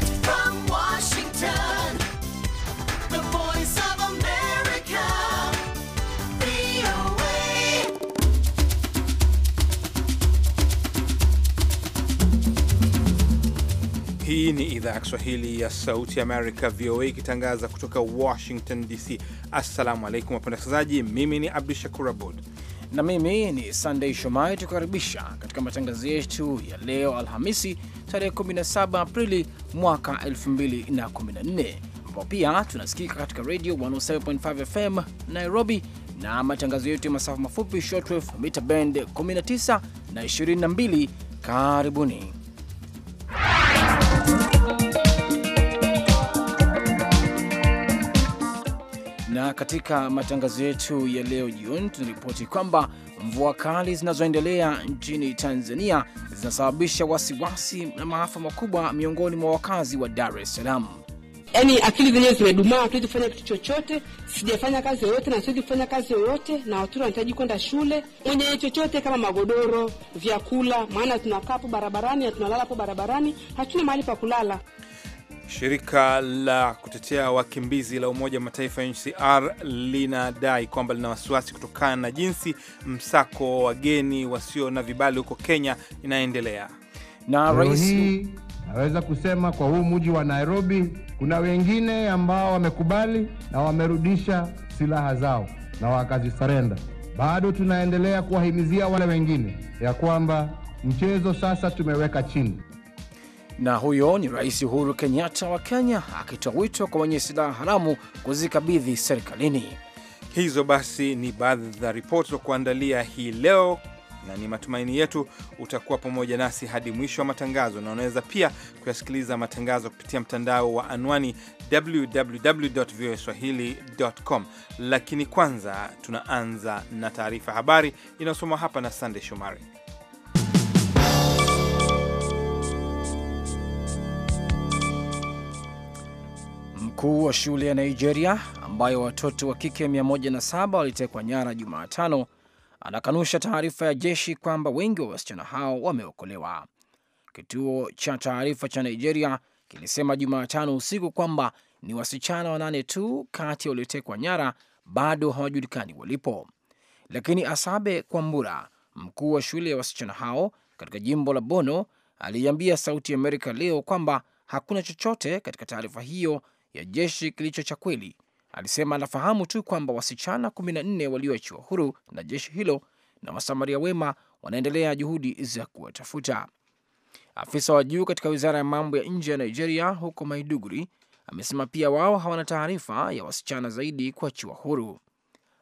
Direct from Washington, the voice of America, VOA. Hii ni idhaa ya Kiswahili ya Sauti ya Amerika, VOA, ikitangaza kutoka Washington DC. Assalamu alaikum, wapenzi wasikilizaji, mimi ni Abdu Shakur Abud na mimi ni Sunday Shomai, tukukaribisha katika matangazo yetu ya leo Alhamisi tarehe 17 Aprili mwaka 2014 ambapo pia tunasikika katika radio 107.5 FM Nairobi na matangazo yetu ya masafa mafupi shortwave mita band 19 na 22. Karibuni. na katika matangazo yetu ya leo jioni tunaripoti kwamba mvua kali zinazoendelea nchini Tanzania zinasababisha wasiwasi na maafa makubwa miongoni mwa wakazi wa Dar es Salaam. Yaani akili zenyewe zimedumaa, hatuwezi kufanya kitu chochote. Sijafanya kazi yoyote na siwezi kufanya kazi yoyote, na watoto wanahitaji kwenda shule, mwenye chochote kama magodoro, vyakula, maana tunakaa hapo barabarani na tunalala hapo barabarani, hatuna mahali pa kulala. Shirika la kutetea wakimbizi la Umoja wa Mataifa UNHCR linadai kwamba lina wasiwasi kutokana na jinsi msako wa wageni wasio na vibali huko Kenya inaendelea. Na rais naweza kusema kwa huu mji wa Nairobi kuna wengine ambao wamekubali na wamerudisha silaha zao na wakazisarenda. Bado tunaendelea kuwahimizia wale wengine ya kwamba mchezo sasa tumeweka chini. Na huyo ni Rais Uhuru Kenyatta wa Kenya akitoa wito kwa wenye silaha haramu kuzikabidhi serikalini. Hizo basi ni baadhi za ripoti za kuandalia hii leo, na ni matumaini yetu utakuwa pamoja nasi hadi mwisho wa matangazo, na unaweza pia kuyasikiliza matangazo kupitia mtandao wa anwani www.voaswahili.com. Lakini kwanza tunaanza na taarifa habari inayosomwa hapa na sandey Shomari. mkuu wa shule ya Nigeria ambayo watoto wa kike 107 walitekwa nyara Jumatano anakanusha taarifa ya jeshi kwamba wengi wa wasichana hao wameokolewa. Kituo cha taarifa cha Nigeria kilisema Jumatano usiku kwamba ni wasichana wanane tu kati ya waliotekwa nyara bado hawajulikani walipo, lakini Asabe Kwambura, mkuu wa shule ya wasichana hao katika jimbo la Bono, aliiambia Sauti Amerika leo kwamba hakuna chochote katika taarifa hiyo ya jeshi kilicho cha kweli. Alisema anafahamu tu kwamba wasichana 14 walioachiwa huru na jeshi hilo na wasamaria wema wanaendelea juhudi za kuwatafuta. Afisa wa juu katika wizara ya mambo ya nje ya Nigeria huko Maiduguri amesema pia wao hawana taarifa ya wasichana zaidi kuachiwa huru.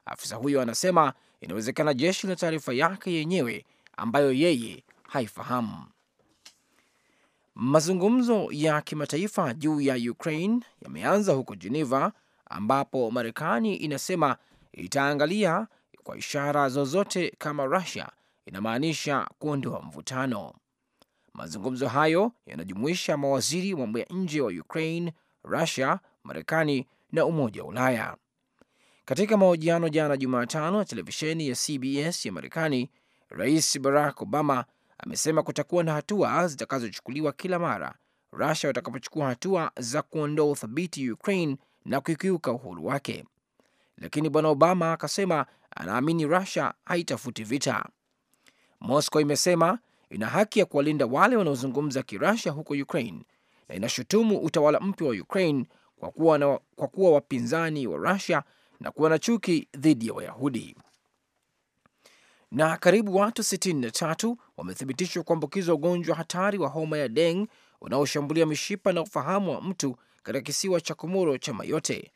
Afisa huyo anasema inawezekana jeshi lina taarifa yake yenyewe ambayo yeye haifahamu. Mazungumzo ya kimataifa juu ya Ukraine yameanza huko Geneva, ambapo Marekani inasema itaangalia kwa ishara zozote kama Rusia inamaanisha kuondoa mvutano. Mazungumzo hayo yanajumuisha mawaziri wa mambo ya nje wa Ukraine, Rusia, Marekani na Umoja wa Ulaya. Katika mahojiano jana Jumatano ya televisheni ya CBS ya Marekani, Rais Barack Obama amesema kutakuwa na hatua zitakazochukuliwa kila mara Rusia watakapochukua hatua za kuondoa uthabiti Ukraine na kukiuka uhuru wake. Lakini bwana Obama akasema anaamini Rusia haitafuti vita. Moscow imesema ina haki ya kuwalinda wale wanaozungumza Kirusia huko Ukraine na inashutumu utawala mpya wa Ukraine kwa kuwa, na, kwa kuwa wapinzani wa Rusia na kuwa na chuki dhidi ya Wayahudi na karibu watu 63 wamethibitishwa kuambukizwa ugonjwa hatari wa homa ya Deng unaoshambulia mishipa na ufahamu wa mtu katika kisiwa cha Komoro cha Mayote.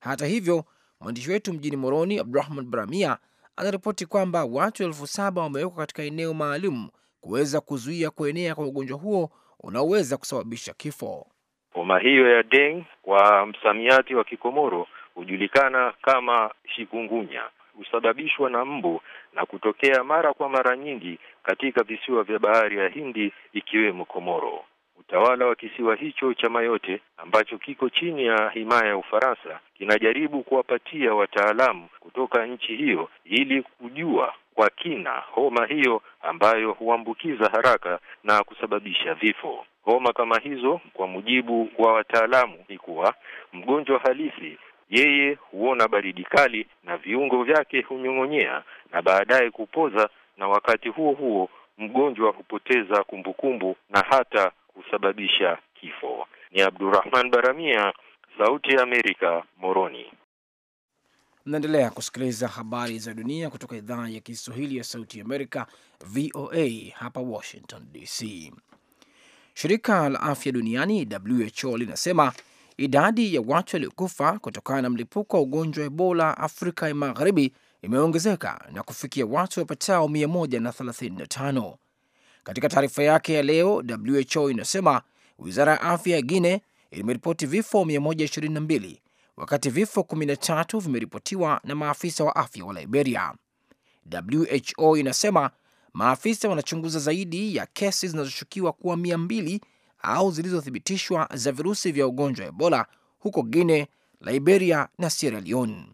Hata hivyo, mwandishi wetu mjini Moroni, Abdurahman Bramia, anaripoti kwamba watu elfu saba wamewekwa katika eneo maalum kuweza kuzuia kuenea kwa ugonjwa huo unaoweza kusababisha kifo. Homa hiyo ya Deng kwa msamiati wa Kikomoro hujulikana kama shikungunya husababishwa na mbu na kutokea mara kwa mara nyingi katika visiwa vya bahari ya Hindi ikiwemo Komoro. Utawala wa kisiwa hicho cha Mayotte ambacho kiko chini ya himaya ya Ufaransa kinajaribu kuwapatia wataalamu kutoka nchi hiyo ili kujua kwa kina homa hiyo ambayo huambukiza haraka na kusababisha vifo. Homa kama hizo, kwa mujibu wa wataalamu, ni kuwa mgonjwa halisi yeye huona baridi kali na viungo vyake hunyong'onyea na baadaye kupoza, na wakati huo huo mgonjwa hupoteza kumbukumbu na hata kusababisha kifo. Ni abdurahman Baramia, Sauti ya Amerika, Moroni. Mnaendelea kusikiliza habari za dunia kutoka idhaa ya Kiswahili ya Sauti Amerika, VOA hapa Washington DC. Shirika la Afya Duniani, WHO, linasema idadi ya watu waliokufa kutokana na mlipuko wa ugonjwa wa Ebola Afrika ya Magharibi imeongezeka na kufikia watu wapatao 135. Katika taarifa yake ya leo, WHO inasema wizara ya afya ya Guine imeripoti vifo 122 wakati vifo 13 vimeripotiwa na maafisa wa afya wa Liberia. WHO inasema maafisa wanachunguza zaidi ya kesi zinazoshukiwa kuwa au zilizothibitishwa za virusi vya ugonjwa wa Ebola huko Guine, Liberia na Sierra Leone.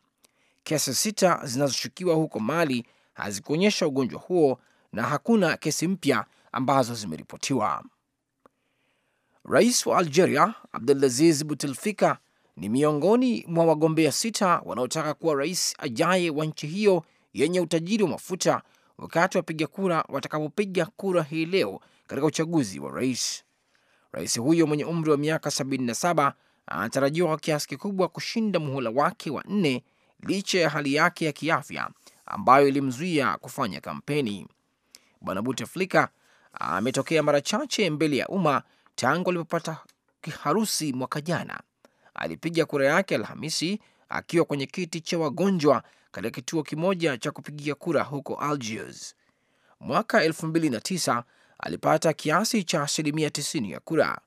Kesi sita zinazoshukiwa huko Mali hazikuonyesha ugonjwa huo na hakuna kesi mpya ambazo zimeripotiwa. Rais wa Algeria Abdelaziz Butelfika ni miongoni mwa wagombea sita wanaotaka kuwa rais ajaye wa nchi hiyo yenye utajiri wa mafuta wakati wapiga kura watakapopiga kura hii leo katika uchaguzi wa rais. Rais huyo mwenye umri wa miaka 77 anatarajiwa kwa kiasi kikubwa kushinda muhula wake wa nne licha ya hali yake ya kiafya ambayo ilimzuia kufanya kampeni. Bwana Buteflika ametokea mara chache mbele ya umma tangu alipopata kiharusi mwaka jana. Alipiga kura yake Alhamisi akiwa kwenye kiti cha wagonjwa katika kituo kimoja cha kupigia kura huko Algiers. Mwaka 2009 alipata kiasi cha asilimia 90 ya kura.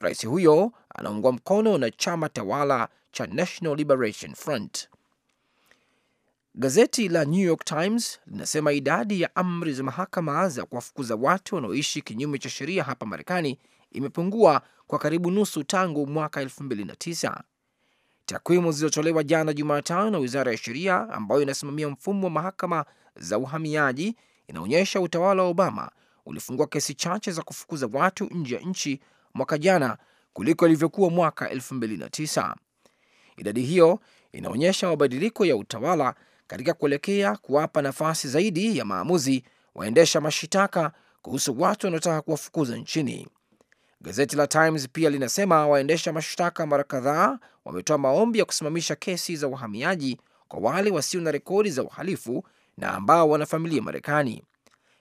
Rais huyo anaungwa mkono na chama tawala cha National Liberation Front. Gazeti la New York Times linasema idadi ya amri za mahakama za kuwafukuza watu wanaoishi kinyume cha sheria hapa Marekani imepungua kwa karibu nusu tangu mwaka 2009. Takwimu zilizotolewa jana Jumatano na Wizara ya Sheria ambayo inasimamia mfumo wa mahakama za uhamiaji inaonyesha utawala wa Obama ulifungua kesi chache za kufukuza watu nje ya nchi mwaka jana kuliko ilivyokuwa mwaka 2009. Idadi hiyo inaonyesha mabadiliko ya utawala katika kuelekea kuwapa nafasi zaidi ya maamuzi waendesha mashitaka kuhusu watu wanaotaka kuwafukuza nchini. Gazeti la Times pia linasema waendesha mashtaka mara kadhaa wametoa maombi ya kusimamisha kesi za uhamiaji kwa wale wasio na rekodi za uhalifu na ambao wana familia Marekani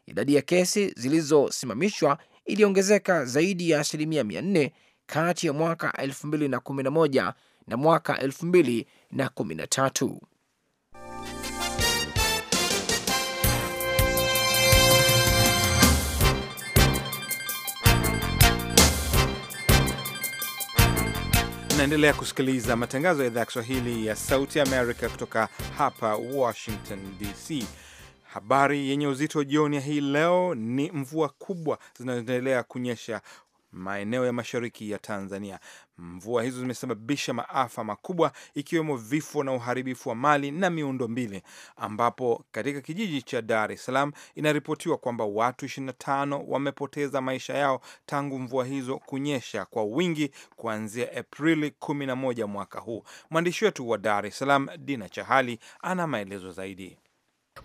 idadi ya kesi zilizosimamishwa iliongezeka zaidi ya asilimia mia kati ya mwaka 2011 na, na mwaka 2013. Naendelea kusikiliza matangazo ya idhaa ya Kiswahili ya Sauti Amerika kutoka hapa Washington DC. Habari yenye uzito jioni ya hii leo ni mvua kubwa zinazoendelea kunyesha maeneo ya mashariki ya Tanzania. Mvua hizo zimesababisha maafa makubwa, ikiwemo vifo na uharibifu wa mali na miundo mbili, ambapo katika kijiji cha Dar es Salaam inaripotiwa kwamba watu 25 wamepoteza maisha yao tangu mvua hizo kunyesha kwa wingi kuanzia Aprili 11 mwaka huu. Mwandishi wetu wa Dar es Salaam, Dina Chahali, ana maelezo zaidi.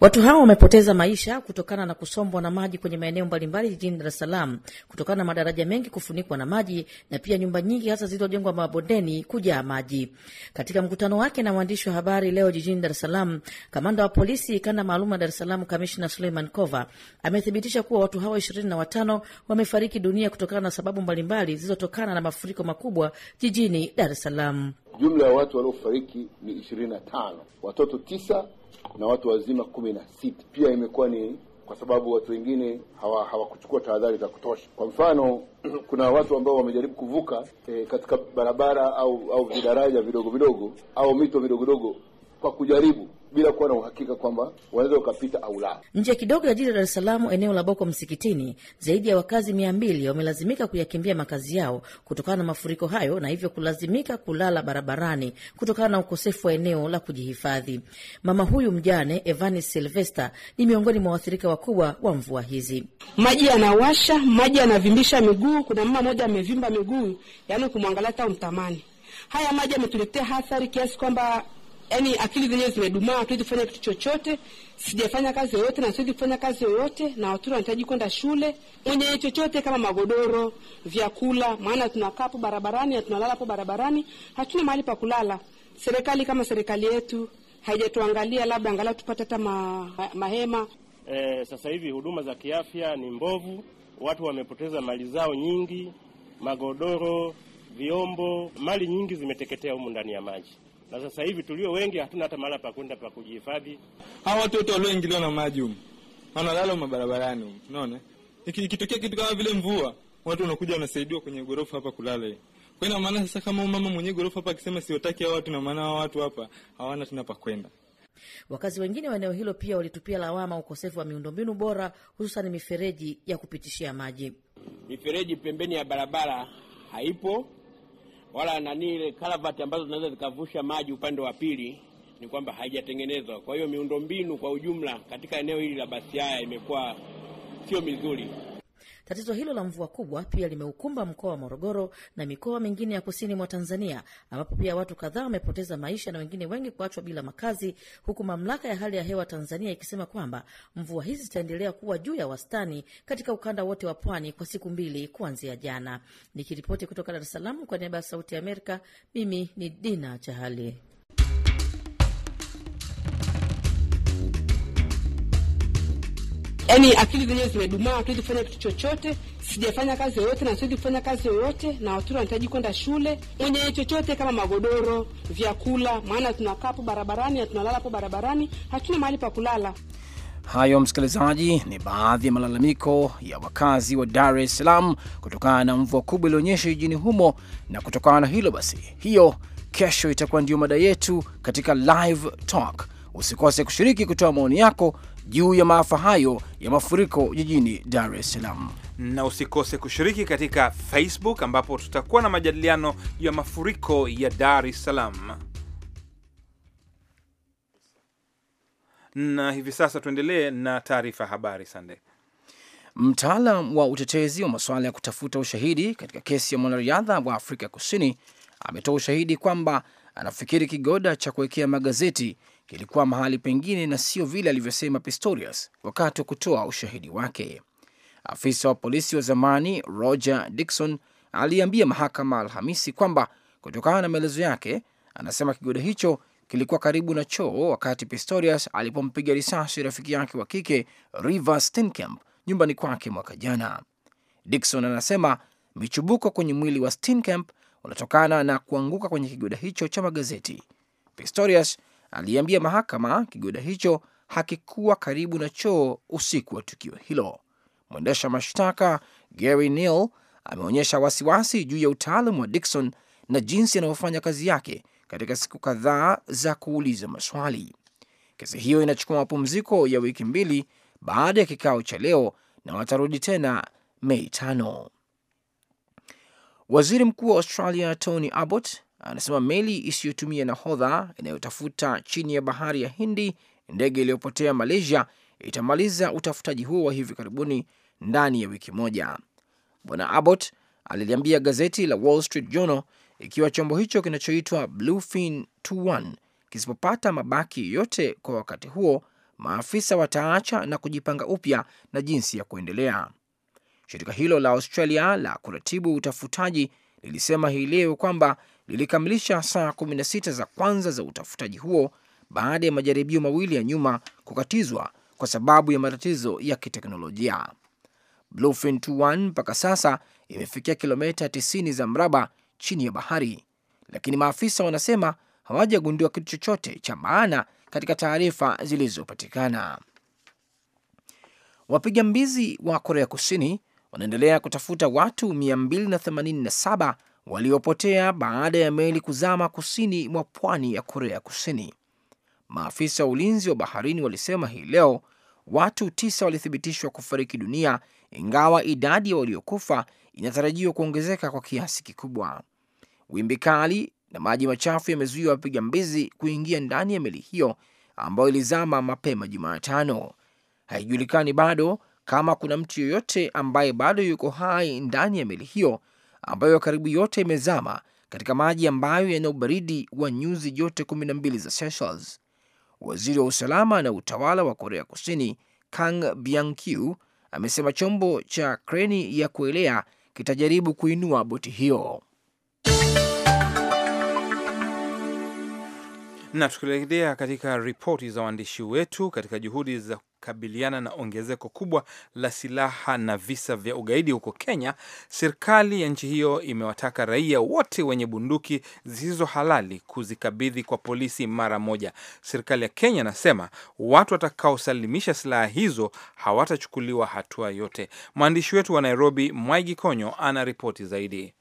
Watu hao wamepoteza maisha kutokana na kusombwa na maji kwenye maeneo mbalimbali jijini Dar es Salaam kutokana na madaraja mengi kufunikwa na maji na pia nyumba nyingi hasa zilizojengwa mabondeni kujaa maji. Katika mkutano wake na waandishi wa habari leo jijini Dar es Salaam, kamanda wa polisi kanda maalum ya Dar es Salaam Kamishna Suleiman Kova amethibitisha kuwa watu hao ishirini na watano wamefariki dunia kutokana na sababu mbalimbali zilizotokana na mafuriko makubwa jijini Dar es Salaam. Jumla ya watu waliofariki ni ishirini na tano, watoto tisa na watu wazima kumi na sita. Pia imekuwa ni kwa sababu watu wengine hawakuchukua hawa tahadhari za kutosha. Kwa mfano, kuna watu ambao wamejaribu kuvuka e, katika barabara au au vidaraja vidogo vidogo au mito vidogo vidogo kwa kujaribu bila kuwa na uhakika kwamba wanaweza ukapita au la. Nje kidogo ya jiji la Dar es Salaam, eneo la Boko Msikitini, zaidi ya wakazi mia mbili wamelazimika kuyakimbia makazi yao kutokana na mafuriko hayo, na hivyo kulazimika kulala barabarani kutokana na ukosefu wa eneo la kujihifadhi. Mama huyu mjane Evani Silvesta ni miongoni mwa waathirika wakubwa wa mvua hizi. Maji yanawasha, maji yanavimbisha miguu. Kuna mama moja amevimba miguu, yaani kumwangalia hata umtamani. Haya maji yametuletea hathari kiasi kwamba yani akili zenyewe zimedumaa, hatuwezi kufanya kitu chochote. Sijafanya kazi yoyote na siwezi kufanya kazi yoyote, na watoto wanahitaji kwenda shule. Mwenye chochote kama magodoro, vyakula, maana tunakaa hapo barabarani na tunalala hapo barabarani, hatuna mahali pa kulala. Serikali kama serikali yetu haijatuangalia, labda angalau tupate hata ma, ma, mahema. Eh, sasa hivi huduma za kiafya ni mbovu, watu wamepoteza mali zao nyingi, magodoro, vyombo, mali nyingi zimeteketea humu ndani ya maji na sasa hivi tulio wengi hatuna hata mahala pa kwenda pa kujihifadhi. Hawa wote walioingiliwa na maji humu wanalala mabarabarani unaona, ikitokea kitu kama vile mvua, watu wanakuja wanasaidiwa kwenye gorofa hapa kulala. Kwa ina maana sasa, kama mama mwenye gorofa hapa akisema siwataki hao watu, na maana hao watu hapa hawana tena pa kwenda. Wakazi wengine wa eneo hilo pia walitupia lawama ukosefu wa miundombinu bora, hususan mifereji ya kupitishia maji. Mifereji pembeni ya barabara haipo wala nani ile kalavati ambazo zinaweza zikavusha maji upande wa pili ni kwamba haijatengenezwa. Kwa hiyo miundombinu kwa ujumla katika eneo hili la Basiaya imekuwa sio mizuri. Tatizo hilo la mvua kubwa pia limeukumba mkoa wa Morogoro na mikoa mingine ya kusini mwa Tanzania, ambapo pia watu kadhaa wamepoteza maisha na wengine wengi kuachwa bila makazi, huku mamlaka ya hali ya hewa Tanzania ikisema kwamba mvua hizi zitaendelea kuwa juu ya wastani katika ukanda wote wa pwani kwa siku mbili kuanzia jana. Nikiripoti kutoka Dar es Salaam kwa niaba ya Sauti ya Amerika, mimi ni Dina Chahali. yani akili zenyewe zimedumaa, hatuwezi kufanya kitu chochote. Sijafanya kazi yoyote na siwezi kufanya kazi yoyote, na watoto wanahitaji kwenda shule, mwenye chochote kama magodoro, vyakula, maana tunakaa hapo barabarani na tunalala hapo barabarani, hatuna mahali pa kulala. Hayo msikilizaji, ni baadhi ya malalamiko ya wakazi wa Dar es Salaam kutokana na mvua kubwa ilionyesha jijini humo. Na kutokana na hilo basi, hiyo kesho itakuwa ndio mada yetu katika live talk. Usikose kushiriki kutoa maoni yako juu ya maafa hayo ya mafuriko jijini Dar es Salaam. Na usikose kushiriki katika Facebook ambapo tutakuwa na majadiliano ya mafuriko ya Dar es Salaam. Na hivi sasa tuendelee na taarifa habari. Sande. Mtaalam wa utetezi wa masuala ya kutafuta ushahidi katika kesi ya mwanariadha wa Afrika Kusini ametoa ushahidi kwamba anafikiri kigoda cha kuwekea magazeti kilikuwa mahali pengine na sio vile alivyosema Pistorius wakati wa kutoa ushahidi wake. Afisa wa polisi wa zamani Roger Dixon aliambia mahakama Alhamisi kwamba kutokana na maelezo yake, anasema kigoda hicho kilikuwa karibu na choo wakati Pistorius alipompiga risasi rafiki yake wa kike Reeva Steenkamp nyumbani kwake mwaka jana. Dixon anasema michubuko kwenye mwili wa Steenkamp unatokana na kuanguka kwenye kigoda hicho cha magazeti. Pistorius aliambia mahakama kigoda hicho hakikuwa karibu na choo usiku wa tukio hilo. Mwendesha mashtaka Gary Neal ameonyesha wasiwasi juu ya utaalam wa Dixon na jinsi anavyofanya kazi yake katika siku kadhaa za kuuliza maswali. Kesi hiyo inachukua mapumziko ya wiki mbili baada ya kikao cha leo na watarudi tena Mei tano. Waziri Mkuu wa Australia Tony Abbott anasema meli isiyotumia nahodha inayotafuta chini ya bahari ya Hindi ndege iliyopotea Malaysia itamaliza utafutaji huo wa hivi karibuni ndani ya wiki moja. Bwana Abbott aliliambia gazeti la Wall Street Journal ikiwa chombo hicho kinachoitwa Bluefin 21 kisipopata mabaki yote kwa wakati huo, maafisa wataacha na kujipanga upya na jinsi ya kuendelea. Shirika hilo la Australia la kuratibu utafutaji lilisema hii leo kwamba lilikamilisha saa 16 za kwanza za utafutaji huo baada ya majaribio mawili ya nyuma kukatizwa kwa sababu ya matatizo ya kiteknolojia. Bluefin 21 mpaka sasa imefikia kilomita 90 za mraba chini ya bahari, lakini maafisa wanasema hawajagundua kitu chochote cha maana katika taarifa zilizopatikana. Wapiga mbizi wa Korea Kusini wanaendelea kutafuta watu 287 waliopotea baada ya meli kuzama kusini mwa pwani ya Korea Kusini. Maafisa wa ulinzi wa baharini walisema hii leo watu tisa walithibitishwa kufariki dunia, ingawa idadi ya waliokufa inatarajiwa kuongezeka kwa kiasi kikubwa. Wimbi kali na maji machafu yamezuia wapiga mbizi kuingia ndani ya meli hiyo ambayo ilizama mapema Jumatano. Haijulikani bado kama kuna mtu yoyote ambaye bado yuko hai ndani ya meli hiyo ambayo karibu yote imezama katika maji ambayo yana ubaridi wa nyuzi joto 12 za Celsius. Waziri wa usalama na utawala wa Korea Kusini Kang Byung-kyu amesema chombo cha kreni ya kuelea kitajaribu kuinua boti hiyo. na tukielekea katika ripoti za waandishi wetu katika juhudi za kukabiliana na ongezeko kubwa la silaha na visa vya ugaidi huko Kenya, serikali ya nchi hiyo imewataka raia wote wenye bunduki zisizo halali kuzikabidhi kwa polisi mara moja. Serikali ya Kenya inasema watu watakaosalimisha silaha hizo hawatachukuliwa hatua yote. Mwandishi wetu wa Nairobi, Mwaigi Konyo, ana ripoti zaidi.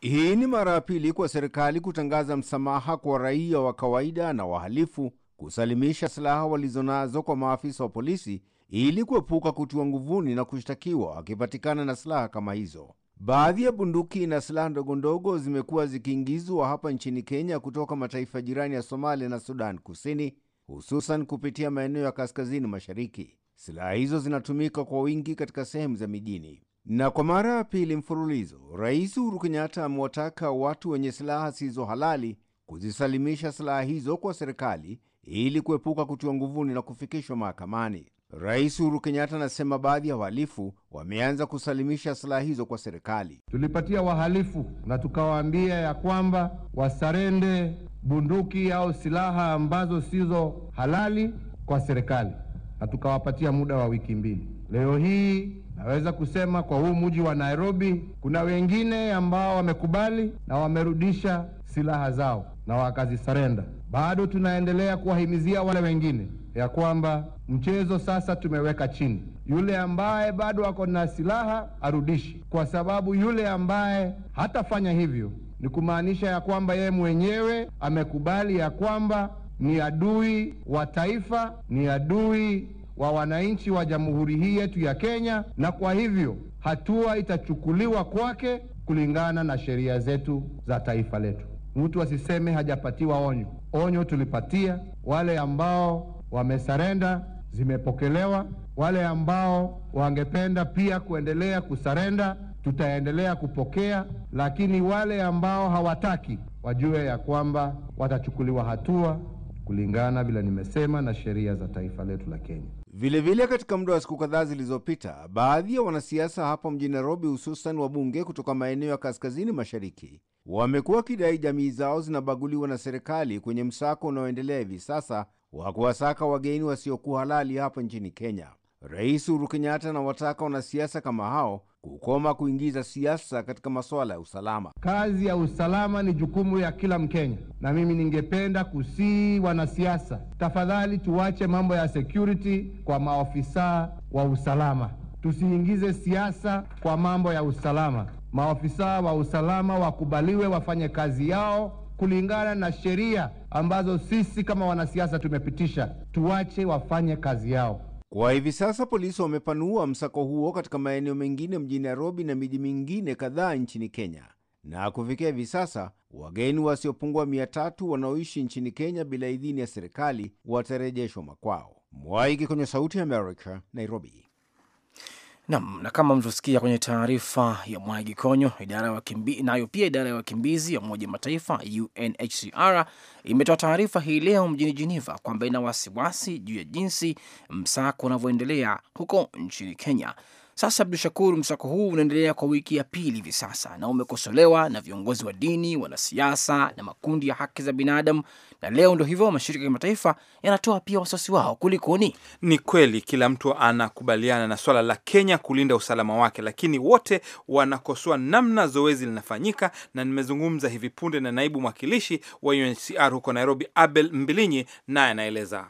Hii ni mara ya pili kwa serikali kutangaza msamaha kwa raia wa kawaida na wahalifu kusalimisha silaha walizonazo kwa maafisa wa polisi ili kuepuka kutiwa nguvuni na kushtakiwa akipatikana na silaha kama hizo. Baadhi ya bunduki na silaha ndogondogo zimekuwa zikiingizwa hapa nchini Kenya kutoka mataifa jirani ya Somalia na Sudan Kusini, hususan kupitia maeneo ya kaskazini mashariki. Silaha hizo zinatumika kwa wingi katika sehemu za mijini. Na kwa mara ya pili mfululizo, Rais Uhuru Kenyatta amewataka watu wenye silaha zisizo halali kuzisalimisha silaha hizo kwa serikali ili kuepuka kutiwa nguvuni na kufikishwa mahakamani. Rais Uhuru Kenyatta anasema baadhi ya wahalifu wameanza kusalimisha silaha hizo kwa serikali. Tulipatia wahalifu na tukawaambia ya kwamba wasarende bunduki au silaha ambazo sizo halali kwa serikali, na tukawapatia muda wa wiki mbili. Leo hii naweza kusema kwa huu mji wa Nairobi kuna wengine ambao wamekubali na wamerudisha silaha zao na wakazisarenda. Bado tunaendelea kuwahimizia wale wengine ya kwamba mchezo sasa tumeweka chini. Yule ambaye bado ako na silaha arudishi, kwa sababu yule ambaye hatafanya hivyo ni kumaanisha ya kwamba yeye mwenyewe amekubali ya kwamba ni adui wa taifa, ni adui wa wananchi wa jamhuri hii yetu ya Kenya, na kwa hivyo hatua itachukuliwa kwake kulingana na sheria zetu za taifa letu mtu asiseme hajapatiwa onyo. Onyo tulipatia wale ambao wamesarenda, zimepokelewa. Wale ambao wangependa pia kuendelea kusarenda, tutaendelea kupokea, lakini wale ambao hawataki wajue ya kwamba watachukuliwa hatua kulingana vile nimesema na sheria za taifa letu la Kenya. Vilevile vile katika muda wa siku kadhaa zilizopita, baadhi ya wanasiasa hapa mjini Nairobi, hususan wabunge kutoka maeneo ya kaskazini mashariki wamekuwa wakidai jamii zao zinabaguliwa na serikali kwenye msako unaoendelea hivi sasa wa kuwasaka wageni wasiokuwa halali hapa nchini Kenya. Rais Uhuru Kenyatta anawataka wanasiasa kama hao kukoma kuingiza siasa katika masuala ya usalama. Kazi ya usalama ni jukumu ya kila Mkenya, na mimi ningependa kusii wanasiasa, tafadhali tuwache mambo ya security kwa maofisa wa usalama, tusiingize siasa kwa mambo ya usalama maafisa wa usalama wakubaliwe wafanye kazi yao kulingana na sheria ambazo sisi kama wanasiasa tumepitisha. tuwache wafanye kazi yao. Kwa hivi sasa polisi wamepanua msako huo katika maeneo mengine mjini Nairobi na miji mingine kadhaa nchini Kenya, na kufikia hivi sasa wageni wasiopungua mia tatu wanaoishi nchini Kenya bila idhini ya serikali watarejeshwa makwao. Mwaiki kwenye Sauti ya Nairobi. Nam, na kama mlivyosikia kwenye taarifa ya Mwagi Konyo, idara ya wakimbizi nayo pia idara ya wakimbizi ya Umoja Mataifa UNHCR imetoa taarifa hii leo mjini Geneva kwamba ina wasiwasi juu ya jinsi msako unavyoendelea huko nchini Kenya sasa Abdu Shakur, msako huu unaendelea kwa wiki ya pili hivi sasa na umekosolewa na viongozi wa dini, wanasiasa na makundi ya haki za binadamu, na leo ndo hivyo mashirika ya kimataifa yanatoa pia wasiwasi wao. Kulikoni? Ni kweli kila mtu anakubaliana na swala la Kenya kulinda usalama wake, lakini wote wanakosoa namna zoezi linafanyika, na nimezungumza hivi punde na naibu mwakilishi wa UNHCR huko Nairobi, Abel Mbilinyi, naye anaeleza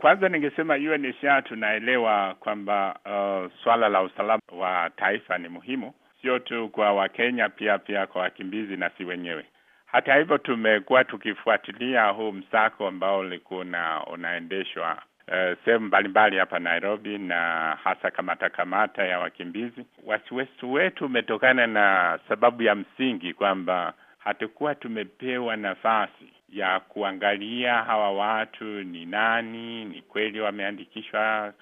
kwanza ningesema UNHCR tunaelewa kwamba uh, swala la usalama wa taifa ni muhimu, sio tu kwa Wakenya, pia pia kwa wakimbizi na si wenyewe. Hata hivyo, tumekuwa tukifuatilia huu msako ambao ulikuwa unaendeshwa Uh, sehemu mbalimbali hapa Nairobi na hasa kamata kamata ya wakimbizi. Wasiwasi wetu umetokana na sababu ya msingi kwamba hatukuwa tumepewa nafasi ya kuangalia hawa watu ni nani, ni kweli wameandikishwa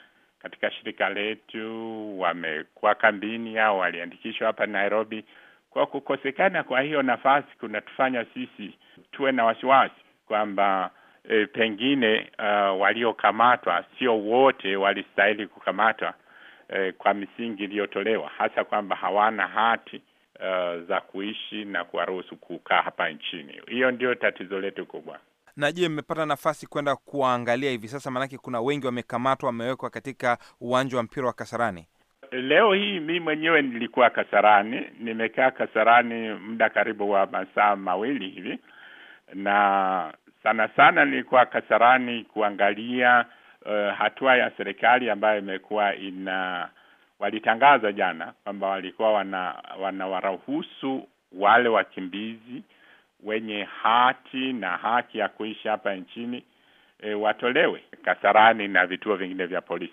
katika shirika letu, wamekuwa kambini au waliandikishwa hapa Nairobi. Kwa kukosekana kwa hiyo nafasi kunatufanya sisi tuwe na wasiwasi kwamba e, pengine uh, waliokamatwa sio wote walistahili kukamatwa e, kwa misingi iliyotolewa, hasa kwamba hawana hati uh, za kuishi na kuwaruhusu kukaa hapa nchini. Hiyo ndio tatizo letu kubwa. Na je, mmepata nafasi kwenda kuwaangalia hivi sasa? Maanake kuna wengi wamekamatwa, wamewekwa katika uwanja wa mpira wa Kasarani. Leo hii mi mwenyewe nilikuwa Kasarani, nimekaa Kasarani muda karibu wa masaa mawili hivi, na sana sana nilikuwa Kasarani kuangalia uh, hatua ya serikali ambayo imekuwa ina walitangaza jana kwamba walikuwa wana wanawaruhusu wale wakimbizi wenye hati na haki ya kuishi hapa nchini e, watolewe Kasarani na vituo vingine vya polisi.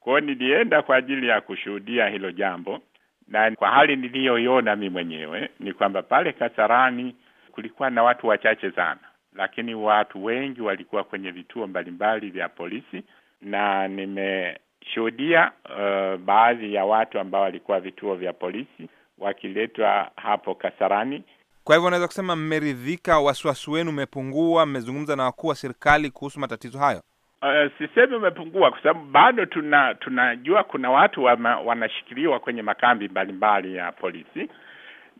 Kwa hiyo nilienda kwa ajili ya kushuhudia hilo jambo, na kwa hali niliyoiona mi mwenyewe ni kwamba pale Kasarani kulikuwa na watu wachache sana, lakini watu wengi walikuwa kwenye vituo mbalimbali vya polisi, na nime shuhudia uh, baadhi ya watu ambao walikuwa vituo vya polisi wakiletwa hapo Kasarani. Kwa hivyo unaweza kusema mmeridhika, wasiwasi wenu umepungua, mmezungumza na wakuu wa serikali kuhusu matatizo hayo? Uh, sisemi umepungua kwa sababu bado tuna tunajua kuna watu wanashikiliwa kwenye makambi mbalimbali ya polisi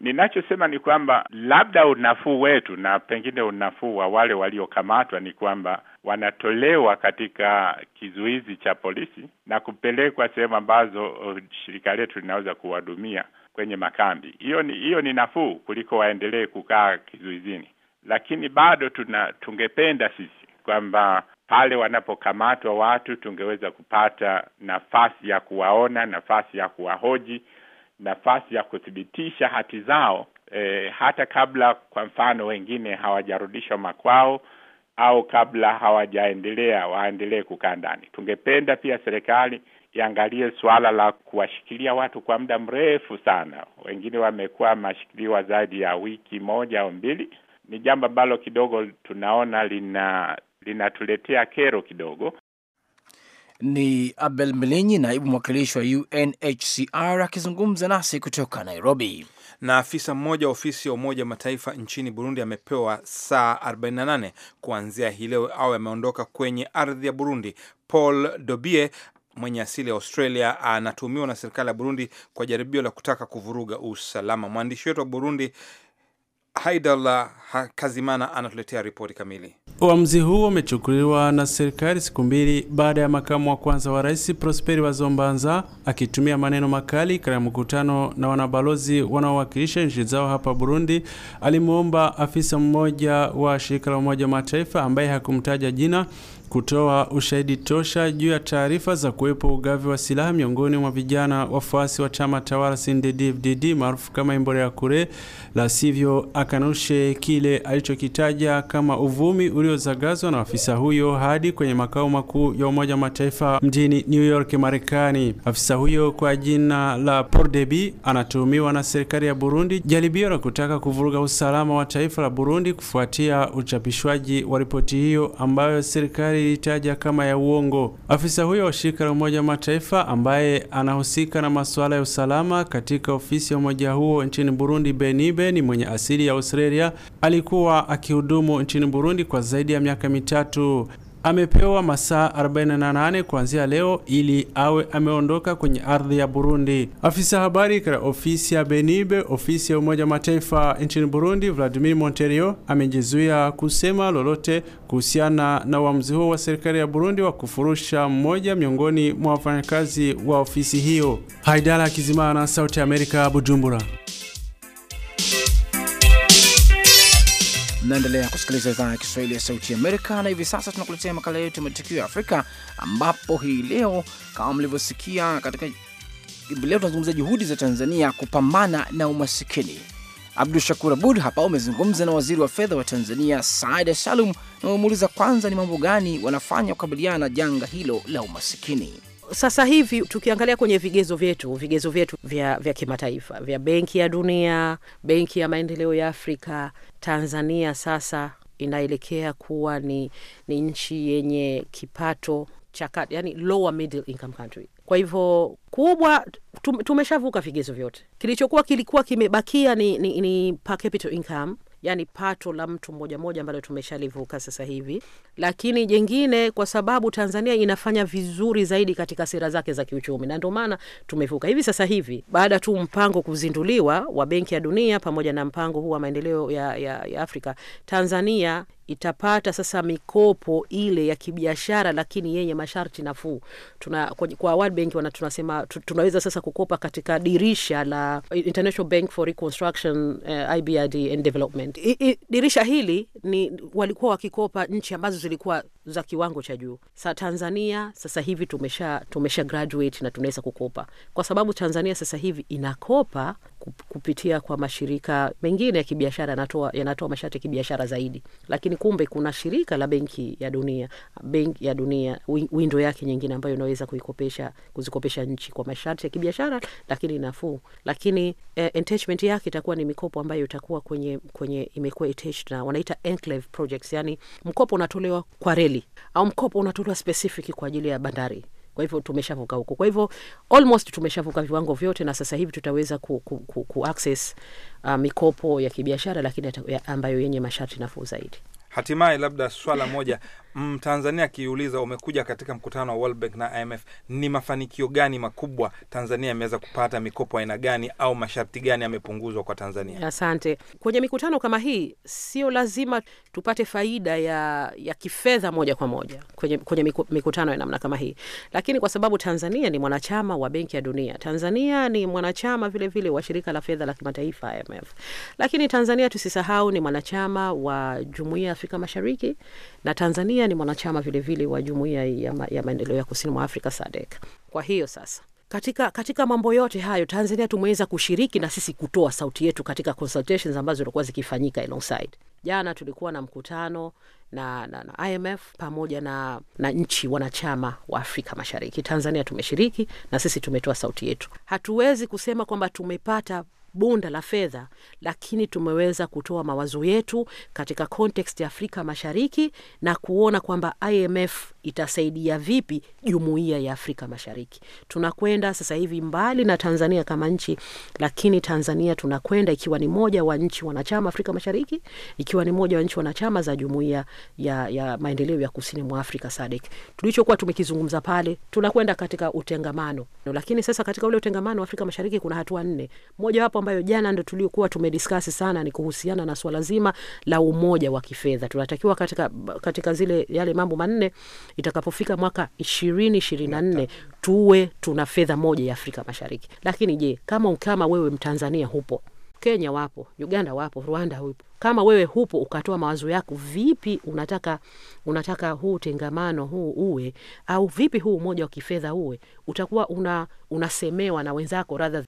Ninachosema ni kwamba labda unafuu wetu na pengine unafuu wa wale waliokamatwa ni kwamba wanatolewa katika kizuizi cha polisi na kupelekwa sehemu ambazo uh, shirika letu linaweza kuwahudumia kwenye makambi. Hiyo ni hiyo ni nafuu kuliko waendelee kukaa kizuizini, lakini bado tuna tungependa sisi kwamba pale wanapokamatwa watu tungeweza kupata nafasi ya kuwaona, nafasi ya kuwahoji nafasi ya kuthibitisha hati zao e, hata kabla, kwa mfano, wengine hawajarudishwa makwao au kabla hawajaendelea waendelee kukaa ndani. Tungependa pia serikali iangalie suala la kuwashikilia watu kwa muda mrefu sana. Wengine wamekuwa mashikiliwa zaidi ya wiki moja au mbili. Ni jambo ambalo kidogo tunaona lina linatuletea kero kidogo, ni Abel Milinyi, naibu mwakilishi wa UNHCR akizungumza nasi kutoka Nairobi. Na afisa mmoja wa ofisi ya Umoja wa Mataifa nchini Burundi amepewa saa 48 kuanzia hii leo au ameondoka kwenye ardhi ya Burundi. Paul Dobie mwenye asili ya Australia anatuhumiwa na serikali ya Burundi kwa jaribio la kutaka kuvuruga usalama. Mwandishi wetu wa Burundi Haidallah Kazimana anatuletea ripoti kamili. Uamuzi huo umechukuliwa na serikali siku mbili baada ya makamu wa kwanza wa rais Prosperi Bazombanza akitumia maneno makali katika mkutano na wanabalozi wanaowakilisha nchi zao hapa Burundi. Alimwomba afisa mmoja wa shirika la Umoja wa Mataifa ambaye hakumtaja jina kutoa ushahidi tosha juu ya taarifa za kuwepo ugavi wa silaha miongoni mwa vijana wafuasi wa chama tawala CNDD-FDD maarufu kama ya kure, la sivyo akanushe kile alichokitaja kama uvumi uliozagazwa na afisa huyo hadi kwenye makao makuu ya Umoja wa Mataifa mjini New York, Marekani. Afisa huyo kwa jina la Pordebi anatuhumiwa na serikali ya Burundi jaribio la kutaka kuvuruga usalama wa taifa la Burundi kufuatia uchapishwaji wa ripoti hiyo ambayo serikali aliyoitaja kama ya uongo. Afisa huyo wa shirika la Umoja wa Mataifa ambaye anahusika na masuala ya usalama katika ofisi ya umoja huo nchini Burundi, Benibe ni mwenye asili ya Australia, alikuwa akihudumu nchini Burundi kwa zaidi ya miaka mitatu amepewa masaa 48 kuanzia leo ili awe ameondoka kwenye ardhi ya Burundi. Afisa habari katika ofisi ya Benibe, ofisi ya Umoja Mataifa nchini Burundi, Vladimir Monterio amejizuia kusema lolote kuhusiana na uamuzi huo wa serikali ya Burundi wa kufurusha mmoja miongoni mwa wafanyakazi wa ofisi hiyo. Haidala Kizimana, Sauti ya Amerika, Bujumbura. Mnaendelea kusikiliza idhaa ya Kiswahili ya Sauti Amerika, na hivi sasa tunakuletea makala yetu ya matukio ya Afrika, ambapo hii leo kama mlivyosikia katika leo tunazungumza juhudi za Tanzania kupambana na umasikini. Abdu Shakur Abud hapa umezungumza na waziri wa fedha wa Tanzania Saada Salum na umemuuliza kwanza ni mambo gani wanafanya kukabiliana na janga hilo la umasikini sasa hivi tukiangalia kwenye vigezo vyetu vigezo vyetu vya, vya kimataifa vya Benki ya Dunia, Benki ya Maendeleo ya Afrika, Tanzania sasa inaelekea kuwa ni, ni nchi yenye kipato cha yani lower middle income country. Kwa hivyo kubwa, tumeshavuka vigezo vyote. Kilichokuwa kilikuwa kimebakia ni, ni, ni per income yani pato la mtu mmoja mmoja ambalo tumeshalivuka sasa hivi. Lakini jengine, kwa sababu Tanzania inafanya vizuri zaidi katika sera zake za kiuchumi, na ndio maana tumevuka hivi sasa hivi, baada tu mpango kuzinduliwa wa Benki ya Dunia pamoja na mpango huu wa maendeleo ya, ya, ya Afrika, Tanzania itapata sasa mikopo ile ya kibiashara lakini yenye masharti nafuu. Tuna, kwa World Bank wana tunasema tunaweza sasa kukopa katika dirisha la International Bank for Reconstruction uh, eh, IBRD and Development. I, I, dirisha hili ni walikuwa wakikopa nchi ambazo zilikuwa za kiwango cha juu. Sa Tanzania sasa hivi tumesha, tumesha graduate na tunaweza kukopa, kwa sababu Tanzania sasa hivi inakopa kupitia kwa mashirika mengine ya kibiashara yanatoa yanatoa masharti ya kibiashara zaidi, lakini kumbe kuna shirika la benki ya dunia, benki ya dunia windo yake nyingine ambayo inaweza kuikopesha kuzikopesha nchi kwa masharti ya kibiashara lakini nafuu, lakini eh, yake itakuwa ni mikopo ambayo itakuwa kwenye kwenye imekuwa na wanaita enclave projects, yani mkopo unatolewa kwa reli hili au mkopo unatolewa specific kwa ajili ya bandari. Kwa hivyo tumeshavuka huko, kwa hivyo almost tumeshavuka viwango vyote, na sasa hivi tutaweza ku, ku, ku, ku access uh, mikopo ya kibiashara, lakini ambayo yenye masharti nafuu zaidi. Hatimaye labda swala moja Mtanzania mm, akiuliza, umekuja katika mkutano wa World Bank na IMF, ni mafanikio gani makubwa Tanzania imeweza kupata? Mikopo aina gani au masharti gani yamepunguzwa kwa Tanzania? Asante. Kwenye mikutano kama hii, sio lazima tupate faida ya, ya kifedha moja kwa moja kwenye, kwenye mikutano ya namna kama hii, lakini kwa sababu Tanzania ni mwanachama wa Benki ya Dunia, Tanzania ni mwanachama vile vile wa shirika la fedha la kimataifa IMF, lakini Tanzania tusisahau ni mwanachama wa jumuiya Afrika Mashariki na Tanzania ni mwanachama vilevile vile wa jumuiya ya, ma, ya maendeleo ya kusini mwa Afrika sadek Kwa hiyo sasa katika, katika mambo yote hayo Tanzania tumeweza kushiriki na sisi kutoa sauti yetu katika consultations ambazo zilikuwa zikifanyika alongside. Jana tulikuwa na mkutano na, na, na IMF pamoja na, na nchi wanachama wa Afrika Mashariki. Tanzania tumeshiriki na sisi tumetoa sauti yetu. Hatuwezi kusema kwamba tumepata bunda la fedha, lakini tumeweza kutoa mawazo yetu katika konteksti ya Afrika Mashariki na kuona kwamba IMF itasaidia vipi jumuiya ya Afrika Mashariki. Tunakwenda sasa hivi mbali na Tanzania kama nchi, lakini Tanzania tunakwenda ikiwa ni moja wa nchi wanachama Afrika Mashariki, ikiwa ni moja wa nchi wanachama za jumuiya ya, ya maendeleo ya kusini mwa Afrika sadek Tulichokuwa tumekizungumza pale, tunakwenda katika utengamano, no, lakini sasa katika ule utengamano wa Afrika Mashariki kuna hatua nne, mojawapo ambayo jana ndo tuliokuwa tumediskasi sana ni kuhusiana na swala zima la umoja wa kifedha. Tunatakiwa katika, katika zile yale mambo manne itakapofika mwaka ishirini ishirini na nne tuwe tuna fedha moja ya Afrika Mashariki. Lakini je, kama kama wewe Mtanzania hupo Kenya wapo, Uganda wapo, Rwanda upo Kama wewe hupo ukatoa mawazo yako, vipi unataka unataka huu tengamano huu uwe, au vipi huu umoja wa kifedha uwe, utakuwa una unasemewa na wenzako radha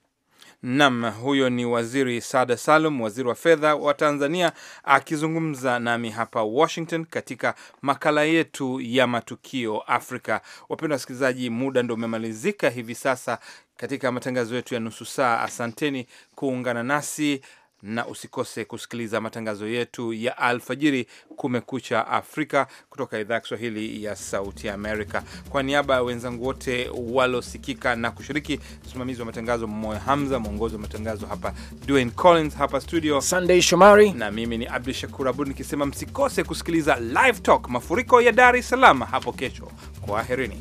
Nam, huyo ni Waziri Sada Salum, waziri wa fedha wa Tanzania, akizungumza nami hapa Washington katika makala yetu ya matukio Afrika. Wapendwa wasikilizaji, muda ndo umemalizika hivi sasa katika matangazo yetu ya nusu saa. Asanteni kuungana nasi na usikose kusikiliza matangazo yetu ya alfajiri, Kumekucha Afrika, kutoka idhaa ya Kiswahili ya Sauti ya Amerika. Kwa niaba ya wenzangu wote walosikika na kushiriki, msimamizi wa matangazo Moyo Hamza, mwongozi wa matangazo hapa Dwayne Collins, hapa studio Sunday Shomari, na mimi ni Abdu Shakur Abud nikisema msikose kusikiliza Live Talk, mafuriko ya Dar es Salaam hapo kesho. Kwaherini.